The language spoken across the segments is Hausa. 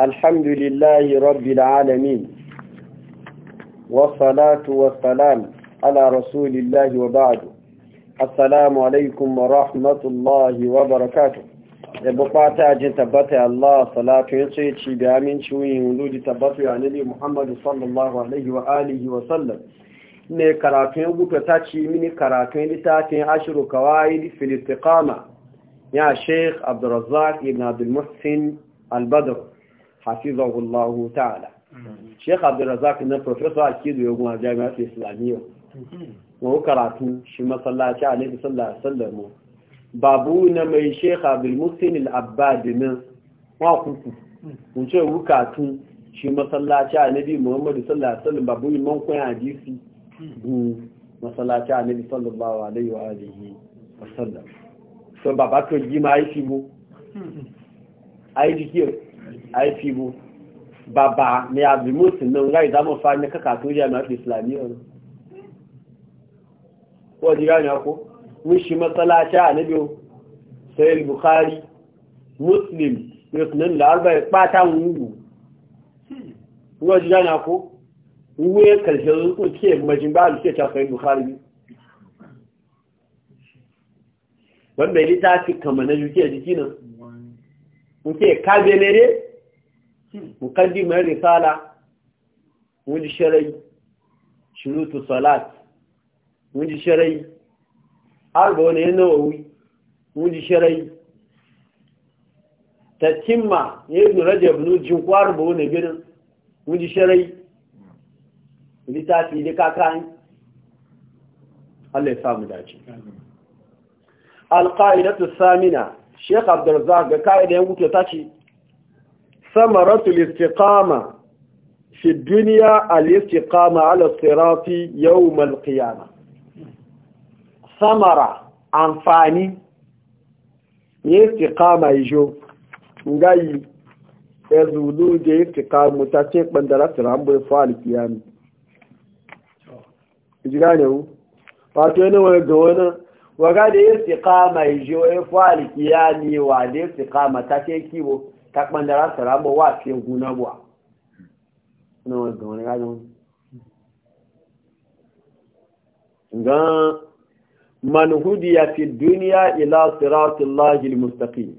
الحمد لله رب العالمين والصلاة والسلام على رسول الله وبعد السلام عليكم ورحمة الله وبركاته يبقى تاجن تبتع الله صلاة ينصيتي بأمين شوي ولود تبتع عن محمد صلى الله عليه وآله وسلم ne karatun guta ta ci mini karatun littafin ashiru kawai filistikama ya sheik abdurrazzak ibn abdulmuhsin albadar hafizahu Allah ta'ala mm-hmm. Sheikh Abdulrazak na professor Akidu Yogun a Jami'ar Islamiyya wa mm-hmm. karatu shi masallaci Alaihi sallallahu alaihi wasallam babu na mai Sheikh Abdul Muhsin Al-Abbad min wa kuku mm-hmm. mun ce shi masallaci Annabi Muhammad sallallahu alaihi wasallam babu imam kun hadisi masallaci Annabi sallallahu alaihi wa alihi wasallam so baba to ji mai bu aifi bu bàbá ni àbìmọ́sì náà láì dámọ̀ fa ní kàkà tó yà náà fi ìsìlàmí ọ̀nà wọ́n di ráyìn ọkọ́ wọ́n ṣe mọ́sálásá àníbí o sẹ́yìn bukhari muslim ìrìsìnlẹ̀ lárúbá ìpátá wùwù wọ́n di ráyìn ọkọ́ wúwé kàrìṣẹ́ majin ba èèmọ̀ jìnbá àlùsí ẹ̀ta sẹ́yìn bukhari bí wọ́n bẹ̀rẹ̀ tá a ti kàmọ̀ náà ka kí mukaddimar risala wani shirai shurutu salat wani shirai arba wani yana wawi wani shirai ta cimma ya yi nuraja binu jinkwar ba wani ginin wani sharai. littafi da kakan allai samu dace alƙa'idatu samina shekha abdurzak ga ka'idayen wuce ta ce samaratul istiqama fi duniya al-istiqama ala sirati yawm al-qiyama samara amfani ne istiqama ijo ngai ezulu je istiqamu ta ce bandara tiran boy fa al-qiyami jira ne wu wato ne wani ga wani waga da istiqama ijo e fa al-qiyami wa da istiqama ta ce kibo takpandara sara bɔ wa fi ŋku na bɔ ne wo gɔn ya man hudiya fi duniya ila sirati llahi almustaqim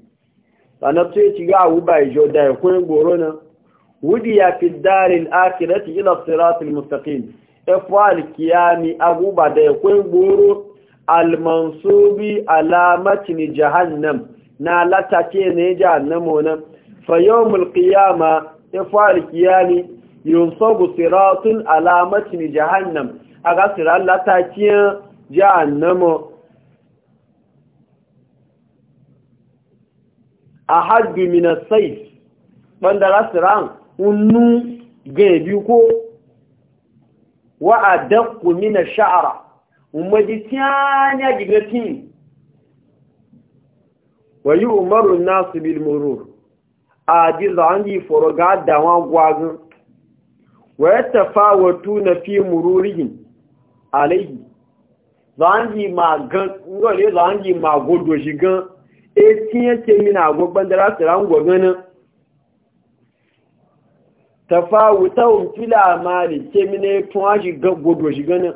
ana to yi e ga awu bai e jo da e ko ngoro na hudiya fi daril akhirati ila sirati almustaqim afwal kiyami aguba da ko ngoro almansubi alamati jahannam na latace ne jahannamo na. fayyomul kiyama ya fara kiyami yunsogu siratun alamatin jahannam a ga sirar latakiyar jahannama a hajji minasai wanda rasiran unnu gaibi ko wa'adakku mina sha'ara umarji tiyanya gigatin wa yi umarun nasu bil murur ajiz anji foroga dawa gwazin wa yatafawatu na fi mururihin alayhi zanji ma gan ngole zanji ma godo shi gan e tin yake mina gobban da rasu ran goganin tafawutahum fil amali ke mine tun aji godo shi ganin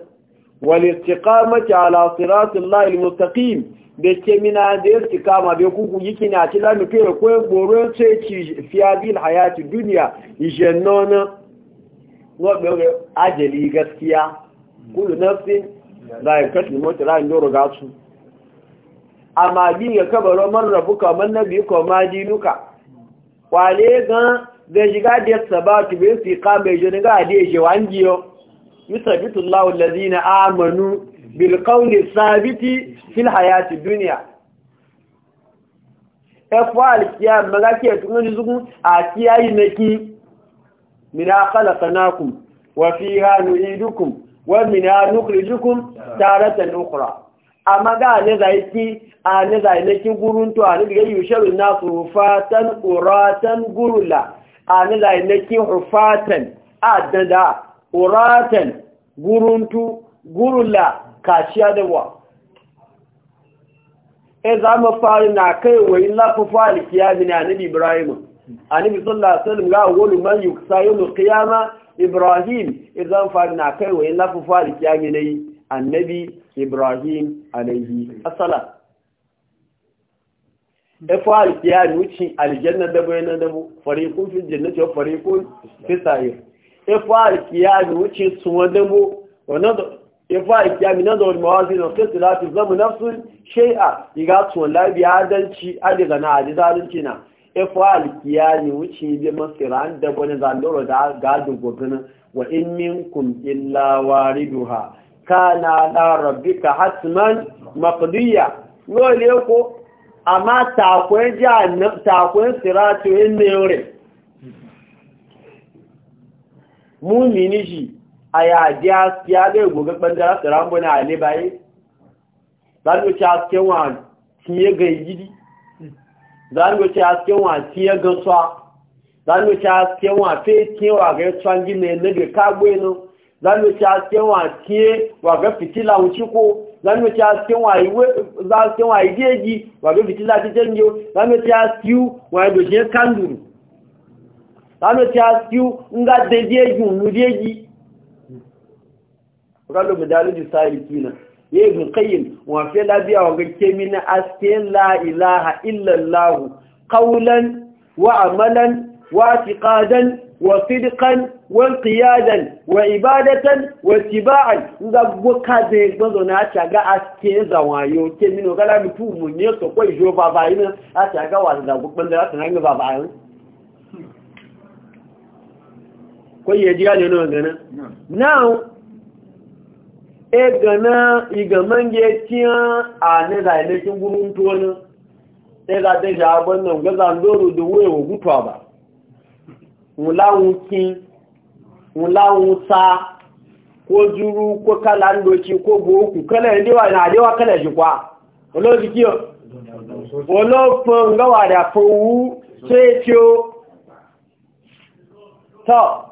wal istiqamati ala siratil lahi al da ke mina da ya su kama da kuku yiki na ci lami fiye ko boro ce ci fi abil hayati duniya ishe be o ajali gaskiya kullu nafsi da ya kasu mota ndoro doro gasu amma bi ga kabaro man rabu man na biyu ma dinuka wale ga da jiga da sabatu be su kama ya jini ga da ya shewa an giyo yusabitullahu amanu bilkauni sabiti fil hayati duniya ẹfọ́ alìkíyà magaki ẹ̀tún ní zukun àti yayi mẹ́kí mina khalaqnakum wa fiha nu'idukum wa mina nukhrijukum taratan ukhra amma ga ne zai ki a ne zai ne ki gurun to a ne daga yusharu nasu rufatan uratan gurula a ne zai ne ki rufatan adada uratan guruntu gurula kaciya da wa e za mu fara na kai wai lafafa kiyami na annabi ibrahim annabi sallallahu alaihi wasallam ga wani man yuksa yau mu kiyama ibrahim e za mu fara na kai wai lafafa na yi annabi ibrahim alaihi assalam e fa kiyami wuci aljanna da bayanan da bu fariqun fi jannati wa fariqun fi sa'ir e fa alkiyami wuci suwa da mu wannan ifa ikiyami minan da wani mawazi da suka tilafi zama nafsun shai'a iga tuwon labi adalci adiga na adi zalunci na ifa ne wuce masu iran da wani zalura da gadin gobinan wa in kun illa na kana ka rabbika hatman maqdiya lole ko amma takwai jahannam siratu in ne yore mumini shi a yadiya ya zai gobe ɓangaren tsirambuna a ne baye za ni ci hasken wa tiye ga gidi za ni ci hasken wa tiye gansuwa? za ni ci hasken wa fe kewa ga yi tsuwan gina na da kagwe nan za ni ci hasken wa tiye wa ga fitila wuce ko za ni ci hasken wa iwe za hasken wa igeji wa ga fitila ta yau, za mu ci hasken wa doshe kanduru za mu ci hasken nga da jeji mu jeji kalo medaliji saliki na ya ibn qayyim wa fi labiya wa ga min aske la ilaha illa allah qawlan wa amalan wa i'tiqadan wa sidqan wa qiyadan wa ibadatan wa tiba'an ngagbo kaze gbozo na achaga aske zawayo ke min kala mi tu mu ne so ko ijo baba ina achaga wa da gbogbo da tan ngi baba ina ko ya ale no ngana Na. e gana igaman getiyan a ne da ilekin gurin tuwani e da ta shi abin nan gaza ndoro da wuye wa gutuwa ba wulawun kin wulawun sa ko juru ko kala ndoci ko boku kala yandewa na adewa kala shi kwa olóòdì kí o olóòpin ngáwàdà fowú tí ó tọ́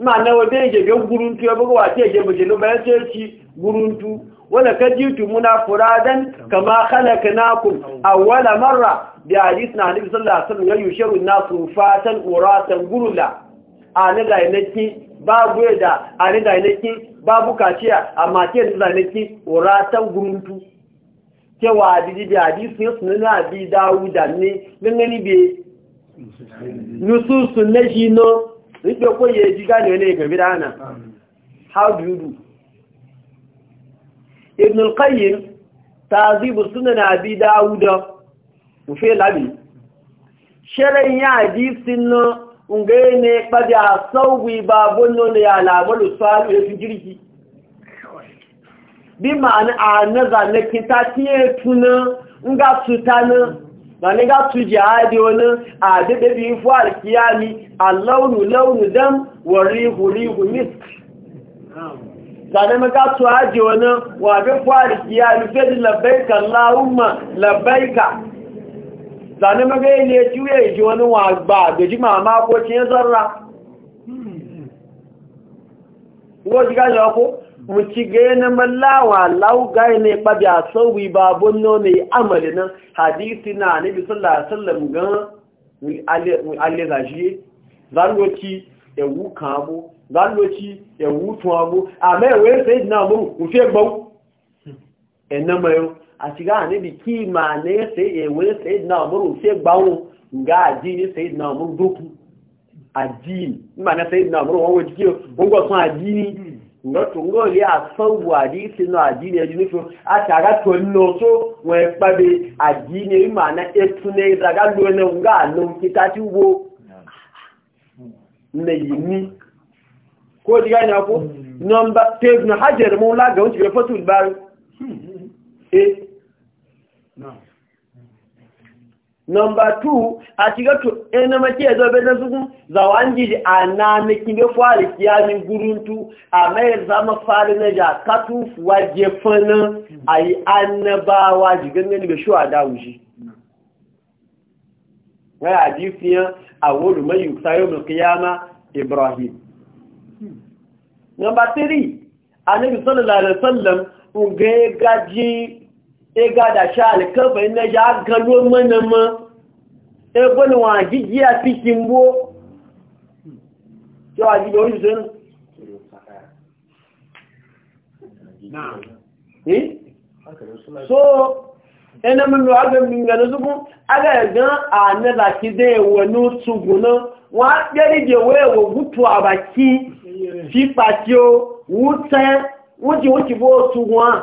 ma'ana wanda ya gan guruntu ya buga wace je buje no bayan sai ci guruntu wala kajitu muna furadan kama khalaqnakum awwala marra bi hadith nabi sallallahu alaihi wasallam yushiru an-nasu fatan uratan gurula ani da yake babu da ani da yake babu kaciya amma ke da yake uratan guruntu cewa didi hadith ne na bi dawuda ne gani be nususun najino nígbẹ́ kó yẹ jígá ní ọlẹ́ ìgbẹ̀mí dáná how do you do ibn al-qayyim tazibu sunan abi dawuda ufe labi shirin ya hadisin na ungaye ne kpadi a sauwi babon nuna ya labaru sa'adu ya fi jirgi bí a nazarin kinta tiye bani ga tu jihadi wani a daɗe biyu fuwa alkiyami a launu launu dam wa rihu rihu misk zane maka tu haji wani wa bi fuwa alkiyami fedi labbaika lahumma labbaika zane maka yi ne juye ji wani wa gba da ji mama ko cin zarra hmm. ko ji gashi ko muci gaya na mallawa laugai ne ɓabi a sauwi babun nome amali nan hadisi na nabi sallallahu alaihi wasallam gan alizajiye zanloci ewu kan abu zanloci ewu tun abu a mẹ́wẹ́ sai na mú ufe gbau ẹ̀nà mayo a ti gáà níbi kí ma ní sai ewe sai na mú ufe gbau ga àdíní sai na mú dókù àdíní ma na sai na mú wọn wọ́n jíkẹ́ wọ́n gbọ́ lọ́tún ngọ́ ilé àsánwò àdíṣe náà àdíní ẹjú ní fún àtàrà tó nà tó wọ́n ẹ pàdé àdíní ìmọ̀ àná ẹtún ní ìdàgá ló ẹnà ńgá àná kíta tí wo nà yìí ní kó di ká ní ọkú nọmba tẹ́gùn hajjẹ̀rẹ̀ mú lágàá ó ti fẹ́ fọ́tò ìbárí Number two, a shiga to ina mace ya zobe na suku wanji a na kinge be fari kiyamin guruntu a mai zama fari na ja katu waje fana a yi annabawa jigan ni besho shuwa da wuce. Wai a jifiyan a wuri mai kiyama Ibrahim. Number three, a nabi sallallahu alaihi sallam, ga gaji e gada sha alkafa ina ja gano mana ma e bani wa jijiya cikin bo to a jijiya wani sun so ina mun lo aga min ga zugun aga ga a na da ki de wonu tuguna wa gari de we wo gutu abaki fi patio wuta wuce wuce bo tugun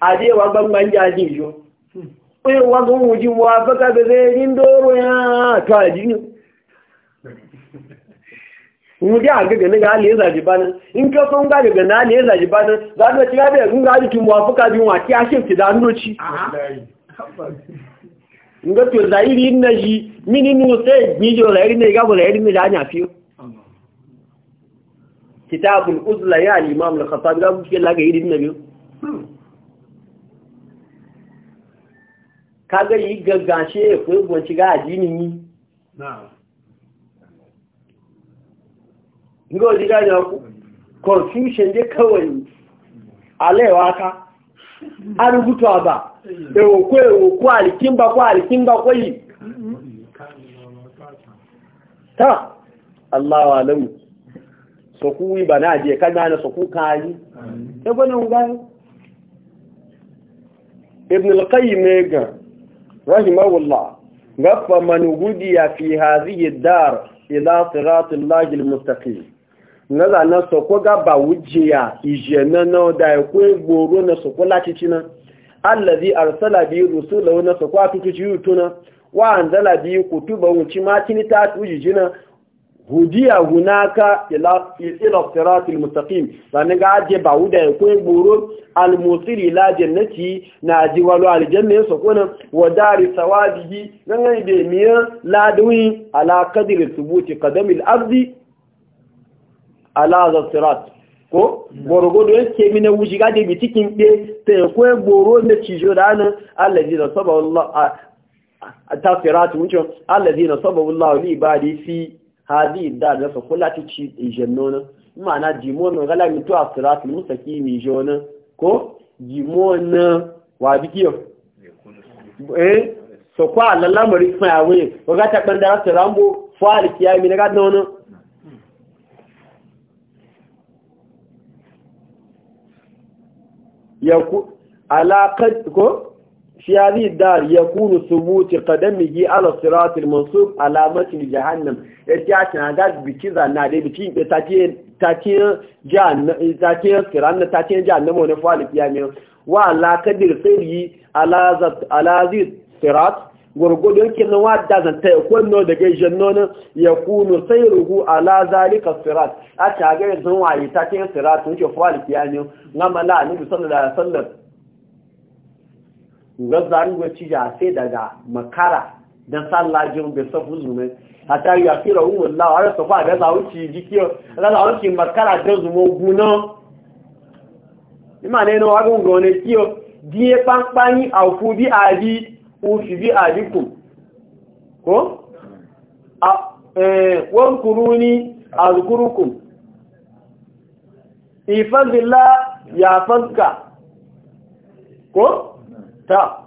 adewa gbangban jaji yo pe wa go wuji wa baka be be ndoro doro ya ta ji ndị ga na ga ga le za ji ban na le za ji ban za do ci ga be ga ji tun wa fuka ji wa ti a shin ti da ndoci nga to zairi na ji mini nu se ni jo zairi ne ga bo zairi ne da nya fiyo kitabul uzla ya al-imam al-khattabi ga ku ke la ga yidin nabi kaga yi gaggashe ya kuwa gwanci ga ajinin yi ga wajen gani ku confusion dai kawai alewa ka a rubuta ba ewoko ewoko alikin ba ko alikin ba kwayi ta Allah wa alamu sokuwi ba na je kana na soku kayi ebonin gani ibn al-qayyim ga rahimahullah gafa man gudiya fi yi dar ila siratil lahil mustaqim na so ko gaba wujiya ijena na da ko goro na so ko lati allazi arsala bi rusulahu na so ko atutu jiutuna wa anzala bi kutuba wuci ma tini ta tujijina hudiya hunaka ila siratil mustaqim dan ga je ba wuda ya koyi buru al musiri la jannati na ji walu al janna so kona wa dari sawabihi nan ne be miya la duwi ala qadri thubuti qadami al ardi ala za sirat ko gorogodo yake mina wuji ga de bitikin be te koyi buru ne ci jodana allazi da sabawallahu ta sirat mun ce allazi na sabawallahu li ibadi fi hadi da da fa kula ti ci na ma'ana jimon gala mi to asratul mustaqimi jona ko jimon wa bikiyo eh so kwa lalla mari fa yawe waga ta bandara rambo fali kiyami daga nono ya ku ala ko في هذه الدار يكون ثبوت قدمه على الصراط المنصوب علامة لجهنم اتعشنا ذات بكذا نادي بكين تاتين جهنم تاتين سران تاتين جهنم ونفعل قيامه وعلى قدر سره على ذي الصراط gurgudu yake na wadda zanta ya kwanno da gaishen nona ya kuna sai ruhu ala zalika sirat a tagayar zan waye ta cikin sirat wuce fuwa alkiyani na mala'ani bisan da sallar ga zaruwa ci ja sai daga makara dan sallajin bai safu zume a ta yi afira umar lawa har safa ga zawuci jikiyo ga zawuci makara da zumo guna ima ne na wagon ga wani kiyo diye pampani a ku bi abi ufi bi abikum ko a eh wankuruni azkurukum ifadillah ya fadka ko ta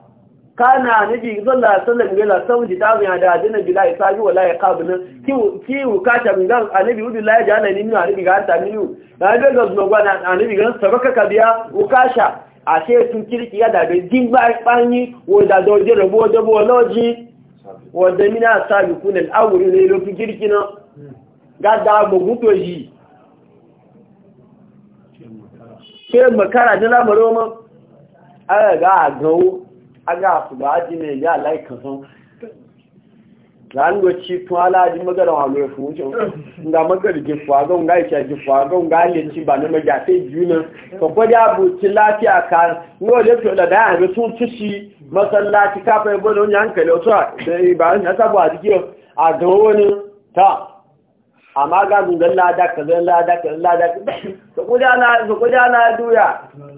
kana nabi alaihi wasallam gela sawu ji tabu ya da dinan bilahi sabi wala ya qabna ki ki ukata min dan anabi wudu la ya ni ni anabi ga ta minu da ga ga zuwa gwana anabi ga sabaka kabiya ukasha a se tun kirki ya da din ba fanyi wo da do je rabo da bo loji wo da mina sabi kun al awri ne lo fi kirki na ga da bo guto yi ke makara da lamaro ma aga àgánwó aga àfùgbà ìyá aláìkànsán láàrínwòcí tún aláàjí mọ́gàdà lórí fún oúnjẹ nga mọ́gàdì jẹ fún agọ́ nga ìṣẹ́ jẹ fún agọ́ nga lè ti bà náà mẹ́jà fẹ́ jù náà kọ̀kọ́ dí ààbò ti láti àká ní ọ̀lẹ́ tó lọ́dà àrẹ tún tún sí mọ́sánláti káfẹ́ bọ́ọ̀lù àǹkẹ̀lẹ̀ ọ̀tọ́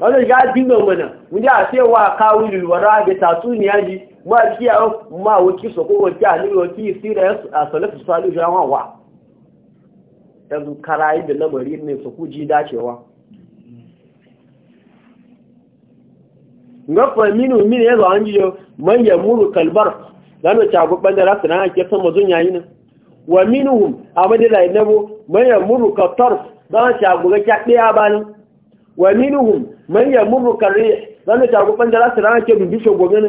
wannan ga dinga mana mun a sai wa kawul wara da tatsuniya ji ma kiya ma wuki so ko wuki ali wuki sira a salatu salu ya wa yanzu karayi da lamari ne su ku ji dacewa fa minu min yazo an jiyo man muru kalbar zano chago banda rasu na ake san mazun yayin nan wa minhum amadi la inabu man yamuru katarf zano chago ga kya daya banin wa minhum man yamurru karih zanu ta gogan da rasu ran ke dubi gogan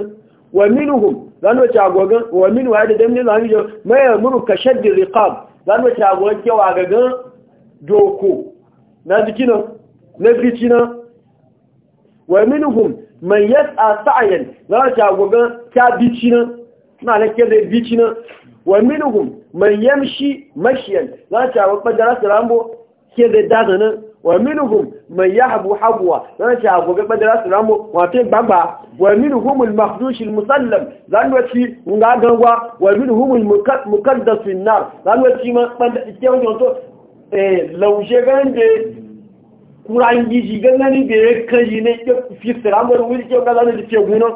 wa minhum zanu ta gogan wa min wa da dan ne zanu jo man yamurru kashad riqab zanu ta gogan ke wa ga gan doko na dikina na dikina wa minhum man yas'a sa'yan zanu ta gogan ta dikina na ne ke da dikina wa minhum man yamshi mashyan zanu ta gogan da rasu ran bo ke da dazana wa minhum man yahbu habwa dan sha gobe badara su ramu wato gbagba wa minhum al makhdush al musallam dan wati nga gangwa wa minhum al mukaddas fi nar dan wati ma banda ke wajen to eh lauje gande kuran giji gangani da ya kaji ne ke fi siramar wuri ke ga zanen da ke guna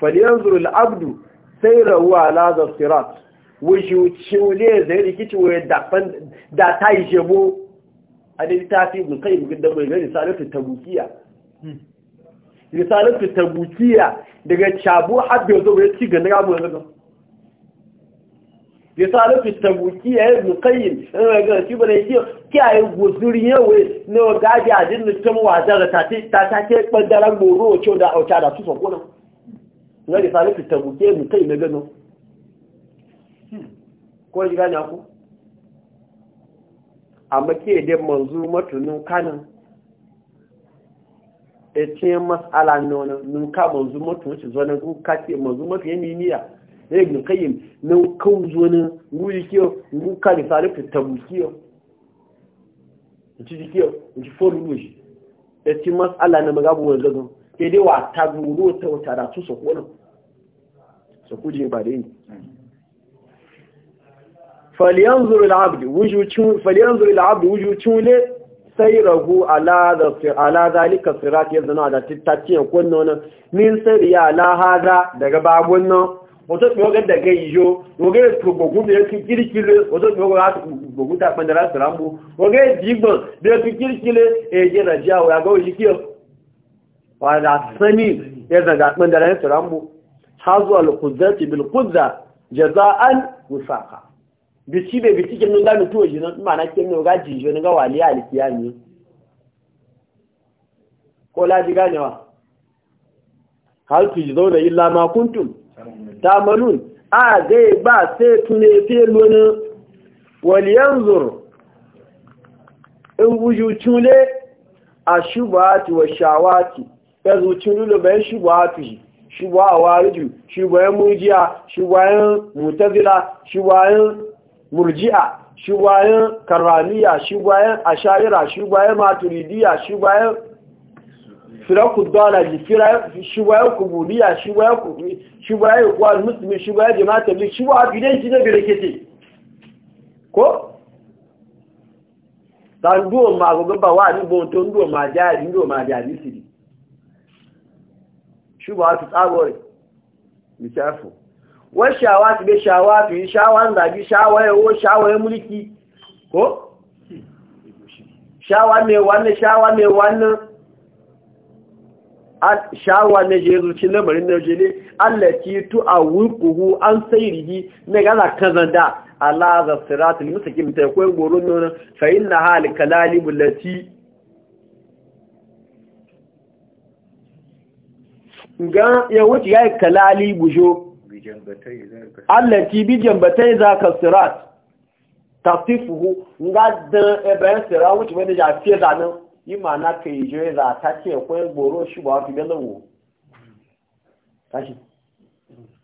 falyanzuru al abdu sayra wa ala da sirat wujuci wule zai rikici wa da ta yi jebo a da littafi ibn qayyim gidda mai gani risalatu tabukiya risalatu tabukiya daga chabu habbe zo bai ci ganda mu yanzu risalatu tabukiya ibn qayyim eh ga shi bane shi kiyaye gozuri yawe ne wa ga ajin da tun wazara ta ta ta ke bandara goro ce da auta da su sokona ne risalatu tabukiya ibn qayyim ne gano hmm. ko ji gane ku amma ke da manzu matunin kanin e ce mas'ala nona nun ka manzu matu shi zonan ku ka ce manzu matu ya nimiya na ibn kayyim nun kan zonan wuri kiyo ngu ka da salifu tabu kiyo ci kiyo ci foru lushi e ce mas'ala na magabu wani gagan ke dai wa ta guro ta wata da su su kona su kuje ba da yi falyanzur al'abd wujucin falyanzur al'abd wujucin ne sai rahu ala da ala zalika sirat yanzu da tattaciyan kunno nan min sariya ala hada daga babun nan wato ko ga daga yijo woge to gogu be ki kirkile wato ko ga gogu ta bandara sarambu da ya fi ki a yi je raja wa ga wuji kiyo wa da sani ya daga bandara sarambu hazu al-qudzati bil-qudza jaza'an wifaqa bici bai bici kin nunga mutu waje nan mana kin nunga jijo nunga wali alikiya ne ko la ji ganewa hal tu zauna illa ma kuntum tamalun a zai ba sai tune sai lona wal yanzur in buju tule a shubati wa shawati ya zuci lulu bayan shubati shubawa ruju shubayan mujiya shubayan mutazila shubayan murji'a shi bayan karramiya shi bayan ashayira shi bayan maturidiya shi bayan firakudalaji shi bayan kubuliya shi bayan kuwa musulmi shi bayan jama'atabli shi shi na birakete ko? ta ń dúò máa gbogbo bá wà níbo tó ń dúò máa jáàrí níbo máa jáàrí sí ṣùgbọ́n a ti wai shawa ti bai shawa su yi shawan zagi shawa yawo shawa ya mulki ko? shawa mai wani shawa mai wani shawa na jezuci lamarin na jele allaci tu a wukuhu an sai rigi na gaza kazanda Allah za su kalali ga ya wuce ya yi kalali bujo allati bi jambatai za ka sirat tasifuhu nga da ibrahim sira wuce wani ja fiye da nan yi mana ka yi je za ta ce kwaye goro shi ba fi ganin wo tashi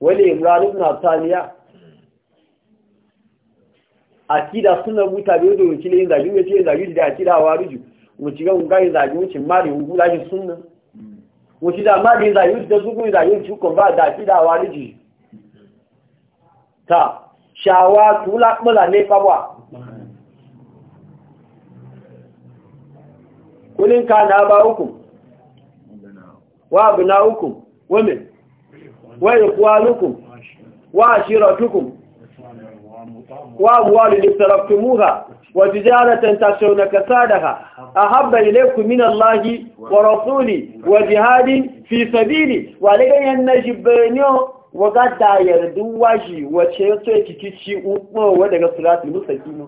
wani imran ibn ataliya akida suna buta biyu da wuce yin zagi wuce yin zagi da akida wa ruju wuce ga nga yin zagi wuce mari hukula shi suna wuce da mari yin zagi wuce da zugun yin zagi wuce ba da akida wa ruju ta ṣàwà tó lápọ́là ní pàwà kúlínká na bá hukùn wà bí na hukun wọ́mẹ̀ wà ìkúwà lukun wà ṣírọ̀ tukun wà a lè sarrafi muha وتجارة تخشون كسادها أحب إليكم من الله ورسولي وجهاد في سبيلي ولكن ينجبنيو waga da yardu waji wace ya so yake ci uwa daga musaki mustaqim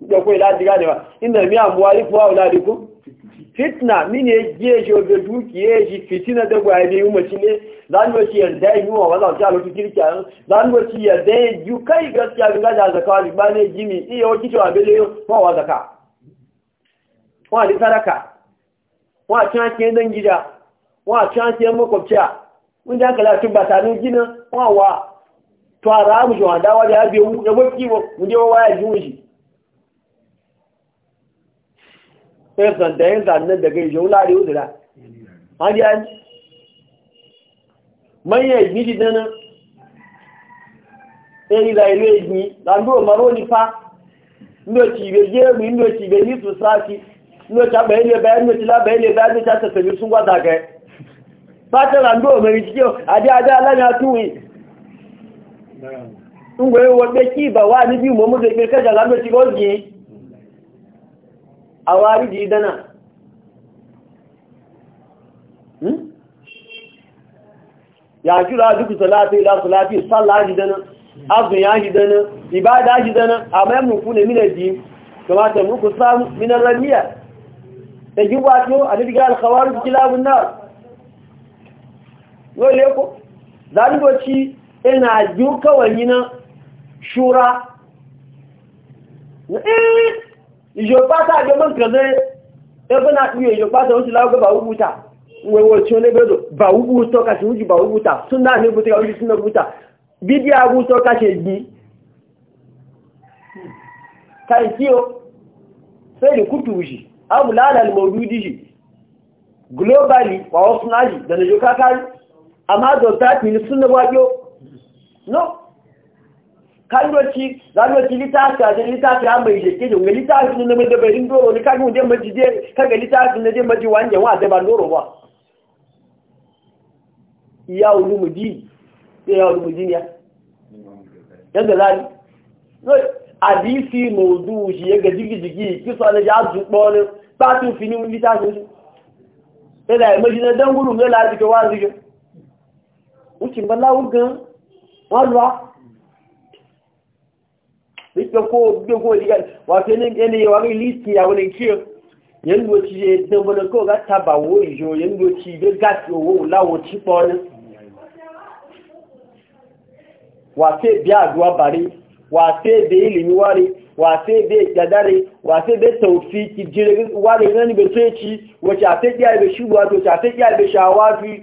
da kai la diga ne ba inda mi amwali fa auladikum fitna mine jeje obe dukiye ji fitina da gwaye ne mu ne dan wace yarda yi wa wannan ta lokacin kirkiya dan wace yarda yi kai gaskiya ga da zakari ba ne jimi iya wace bele abele fa wa zaka wa di saraka wa cikin ke dan gida wa chan ke makwabciya wọ́n jẹ́ àkàlà àti bàtà ní jíná wọ́n da tó ara àmùsùn àdáwà jẹ́ àbí owó ẹgbẹ́ kí wọ́n ní wọ́n wáyé ìjú ìṣì ẹ̀sàn dẹ̀yìnsà ní dẹ̀gẹ̀ ìṣòwò láàrin ó dìra wọ́n jẹ́ mọ́yẹ̀ ìgbín ti dáná ẹ̀rìnlá ìlú ìgbín làndó ọmọró nípa ńlọ́tì ìbẹ̀ jẹ́rù ńlọ́tì ìbẹ̀ ní tùsáàkì ńlọ́tì abẹ̀ẹ́lẹ̀ bẹ̀ẹ́ ta lábẹ̀ẹ́lẹ̀ bẹ̀ẹ́ ńlọ́tì àtẹ̀sẹ̀lẹ̀ súnwádàgẹ̀ẹ́ pátẹ́lá ń bó mẹ́rin tí ó àdí adá aláyà túwì ń gbé wọ́n pé kí ìbà wà níbi ìmọ̀mú tó kẹjà lábẹ́ tí ó yìí àwọn àríjì dánà hmm? yàjúra dúkùsọ̀ láti ìlàsù láti sálà ájì dánà azùn ìbádá ájì àmẹ́mù fún èmìnà jí kọmátẹ̀ mú kò sáà mínà rẹ̀ níyà ẹ̀jú wá àdídígá alkhawarù kíláàbù náà dole ko zangoci ina ji kawai na shura eh ijoba ta ga man kaze ebe na iya ijoba ta wuce lawa ba wubuta wai wace ne bedo ba wubuta ka wuce ba wubuta sun da ne buta wuce sun da buta bidiya wubuta ka shi gi kai kiyo sai da kutu shi abu lalal maududi shi globally wa wasu naji da na joka amma does that mean sunna wajo no kandoci zanwaci littafi a littafi a mai jeke da wani littafi na mai dabarin doro ne kaga wajen maji je kaga littafi na je maji wani yawa zai ba doro ba iya wani mudi ya yawa wani mudi ya yadda zani hadisi maudu shi ya ga jigi-jigi kisa na ji azu ɓonin ɓatin fini wani ne. su sai da ya maji na dangulu ne la zike wa zike wuce ba láwú gan wọ́n lọ́wọ́ wípé kó gbogbo ìdíkà wà fẹ́ ní ẹni yẹ wà ní lísì àwọn ìkíyàn yẹn ló ti yẹ dẹ̀bọ̀lẹ̀ kó ga tàbà wó ìjọ yẹn ló ti gbé gáàsì owó láwọ̀ tí pọ̀ ní wà fẹ́ bí àdúwà bàrí wà fẹ́ bí ìlìmí wárí wà fẹ́ bí ìjàdáre wà fẹ́ bí tàwùfí ti jẹrẹ wárí rán níbi tó ẹ̀kí wọ́n ti àfẹ́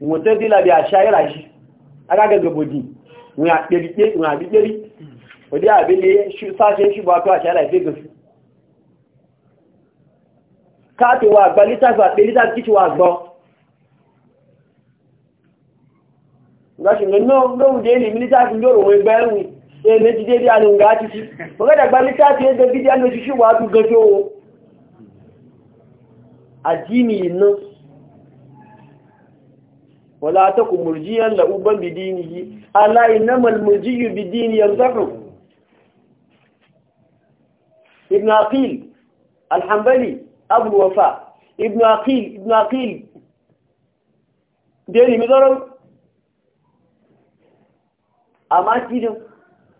mutazila bi ashaira shi agaga gabodi wọn àpẹẹrẹ wọn àbígbérí òdí àbílé sáṣẹ́ ṣùgbọ́n àpẹ́ àṣàrà ìfẹ́gbẹ̀ fún káàtì wà àgbà lítàfà pé lítàfà kìí wà gbọ́ gbáṣùgbọ́n náà lóhun dé ní lítàfà lóòrò wọn ẹgbẹ́ ẹ̀rùn ṣe méjì dé bí anú ǹgá títí ọgọ́dàgbà lítàfà ẹgbẹ́ bí díẹ̀ lóṣù ṣùgbọ́n àdúgbẹ́ tó wọ àjíìmì náà wala ta ku murjiyan la'uban bidinihi ala innamal murjiyu bidini yarzahu ibn aqil alhambali abu wafa ibn aqil ibn aqil deni mi zoro amma kidin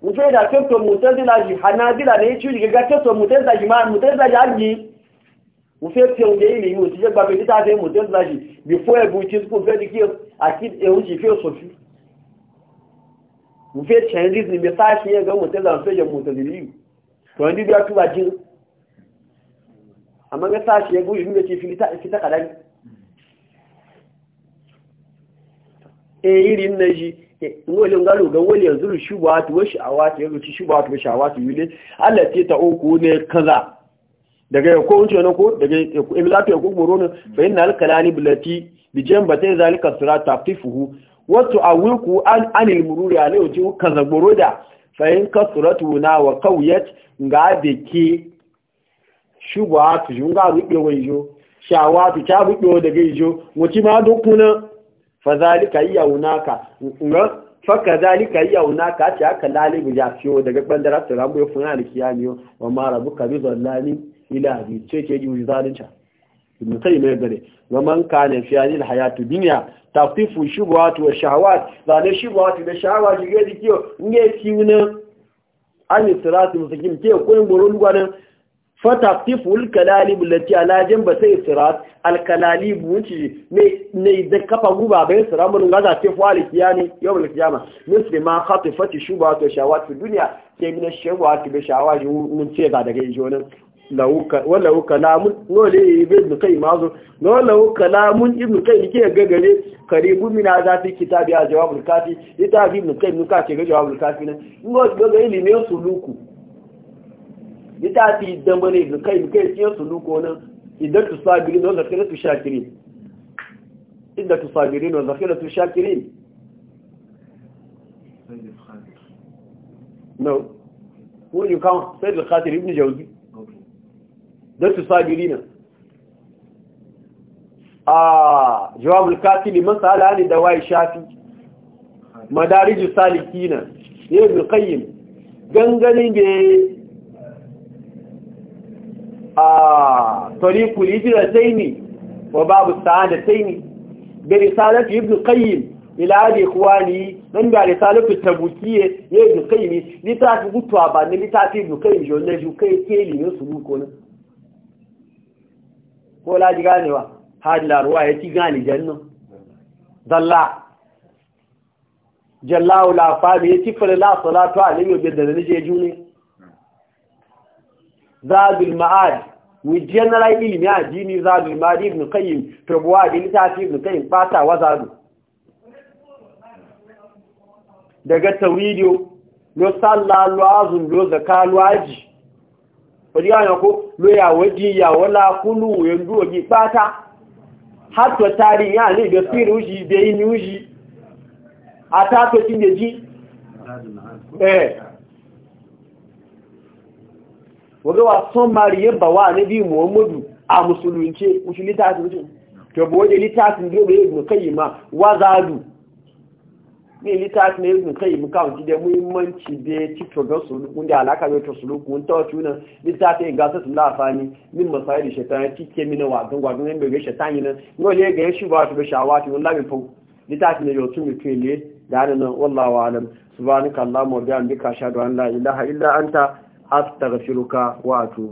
mu sai da kafto mutazila ji hanabila ne ci ga daga kafto mutazila ji ma mutazila ji mu sai fiye da ilimi mu ci gaba bi ta sai mutazila ji before ẹ̀bù tí kò fẹ́ ní kí àti ẹ̀hún jì fẹ́ sọ̀fí mo fẹ́ chinese ni mẹ́ta ṣe yẹ́ gan mọ̀tẹ́lá ń fẹ́ yẹ mọ̀tẹ́lá de tọ́ ní bí a túbà jí àmọ́ a ṣe yẹ́ gan ìlú ti fi kíta kàdá ní èyí rí nà yìí wọ́n lè ń gálò gan wọ́n yanzu ṣùgbọ́ àti wọ́n ṣàwá ti yanzu ṣùgbọ́ àti wọ́n ṣàwá ti wílé ta uku ne kaza daga ya ko wani ko daga imlatu ya kugmuru ne na alkala ni bilati ta yi zalika fi fuhu wato awiku an anil mururi ale ka kazagboro da fa in kasratu na wa qawiyat ga a ki shubha tu junga wa ijo shawa tu ta wa daga ijo wuci ma dokuna fa zalika yaunaka nga faka zalika yi auna ka ce aka lalibu ya fiyo daga ɓandara su ramu ya funa da kiyaniyo wa mara buka bizon lalibu ila hadis ce ke yi zalunta ibn tayyib ya gare wa man kana fi hadhihi alhayat dunya taqifu shubuhat wa shahawat zane shubuhat da shahawa ji gaji kiyo nge kiuna ani siratu mustaqim ke ko lugwa lugana fa taqifu alkalalib allati ala jamba sai sirat alkalalib wuci ne ne da kafa guba bai siramun gaza ce fali kiyani yawmul qiyama muslima khatifati shubuhat wa shahawat fi dunya ke min shubuhat bi shahawa mun ce ga daga jonan lawu kalamun nole ibn kai ke gagare karibu mina za yi kitabi a jawabul kafi ita bi ibn kai nuka ke ga jawabul kafi na ngo gaga ilimi suluku ita fi dan bane ibn kai kai ce suluku nan idan tu sabirin wa zakiratu shakirin idan tu sabirin wa zakiratu shakirin no who you count sayyid al-khatib ibn jawzi da su sabirina a jawabul katili masala ne da wai shafi madarijus salikina ne ibn qayyim ganganin da a tariqul hijratayn wa babu sa'adatayn bi risalati ibn qayyim ila abi ikhwani nan da risalatu tabukiye ne ibn qayyim litafi gutwa ba ne litafi ibn qayyim jonne ju kai ke ne su ko ne ko laji ganewa hadi laruwa ya ci gani jannu zalla jallawo lafami ya ci farila salatu alayyo yau da na nije juni zadul ma'ad wi general ilmi a jini zadul ma'ad ibn qayyim turbuwa da littafi ibn qayyim fata wa zadu daga tawidiyo lo sallallahu lo azun lo zaka aji òdí àwọn kó ló yàwó di ìyàwó lákúlù ẹ̀rú òjì pátá hátọ̀ tàrí ní àlè ìgbẹ̀ fíìrì ó yìí bẹ inú yìí àtàkò tí lè jí ẹ̀ wọ́n wá sán mari yẹ́ bà wá níbi muhammadu a musulunce musulita ne littafi ne yanzu kai mu kawo da muhimmanci da ya ci togar sulukun da alaka mai ta sulukun ta wacce nan littafi ya gasa su lafani min masayar da shaitan ya cike mini wasan gwadon yan bai shaitan yi nan ne ga ya shi ba ta shawa ta wani labin fau littafi ne yau tun mutum ne da hannun nan wallawa alam subhanaka allahumma bihamdika ashhadu an la ilaha illa anta astaghfiruka wa atubu